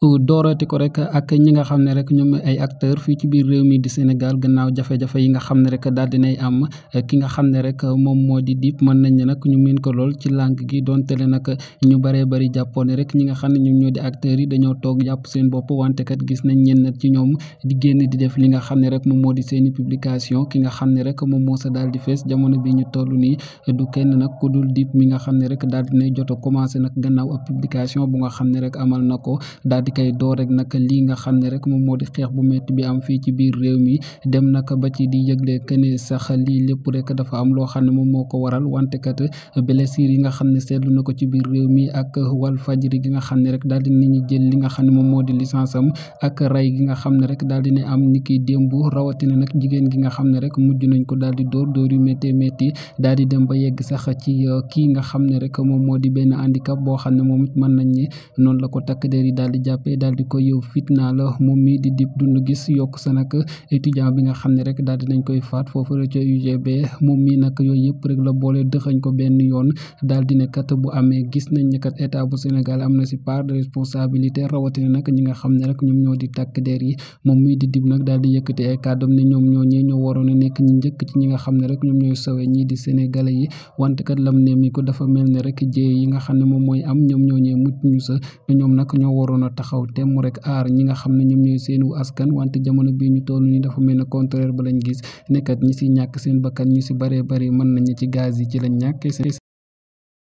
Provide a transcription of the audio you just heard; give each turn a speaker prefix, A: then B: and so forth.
A: doorate ko rek ak ñi nga xam ne rek ñoom ay acteur fii ci biir réew mi di Sénégal gannaaw jafe-jafe yi nga xam ne rek daal dinay am ki nga xam ne rek moom moo di Dip mën nañ ne nag ñu miin ko lool ci làng gi donte le nag ñu bëree bëri jàppoon rek ñi nga xam ne ñoom ñoo di acteurs yi dañoo toog jàpp seen wante kat gis nañ ñenn ci ñoom di génn di def li nga xam ne rek moo di seeni publication ki nga xam ne rek moom moo sa daal di fees jamono bi ñu toll nii du kenn nag ku dul Dip mi nga xam ne rek daal dinay jot a commencé nag gannaaw ab publication bu nga xam ne rek amal na ko daal di koy door rek nag lii nga xam ne rek moom moo di xeex bu métti bi am fii ci biir réew mi dem nag ba ci di yëgle que ne sax lii lépp rek dafa am loo xam ne moom moo ko waral wante kat blessure yi nga xam ne seetlu na ko ci biir réew mi ak wal fajri gi nga xam ne rek daal di nañu jël li nga xam ne moom moo di licence am ak ray gi nga xam ne rek daal di ne am ni kii démb rawatina nag jigéen gi nga xam ne rek mujj nañ ko daal di dóor dóor yu méttee métti daal di dem ba yegg sax ci euh, kii nga xam ne rek moom moo di benn handicap boo xam ne moom it mën jàppee daal di koy yow fitnaal moom mii di Dip dund Guiss yokk sa nag étudiant bi nga xam ne rek daal di nañ koy faat foofu la UGB moom mii nag yooyu yëpp rek la boole dëxañ ko benn yoon dal di ne katt bu amee gis nañ ne kat état bu Sénégal am na si part de responsabilité rawatina nag ñi nga xam ne rek ñoom ñoo di tàkk der yi moom mii di Dip nag daal di yëkkati ay kàddoom ne ñoom ñoo ñee ñoo waroon a nekk ñi njëkk ci ñi nga xam ne rek ñoom ñooy sawe ñii di sénégalais yi wante kat lam ne mi ko dafa mel ne rek jéey yi nga xam ne moom mooy am ñoom ñoo ñee mucc sa xaw temm rek aar ñi nga xam ne ñoom ñooy seenu askan wante jamono bii ñu toll nii dafa mel ne contraire ba lañ gis nekkat ñi si ñàkk seen bakkan ñu si bëree bëri mën nañu ci gaz yi ci lañ ñàkk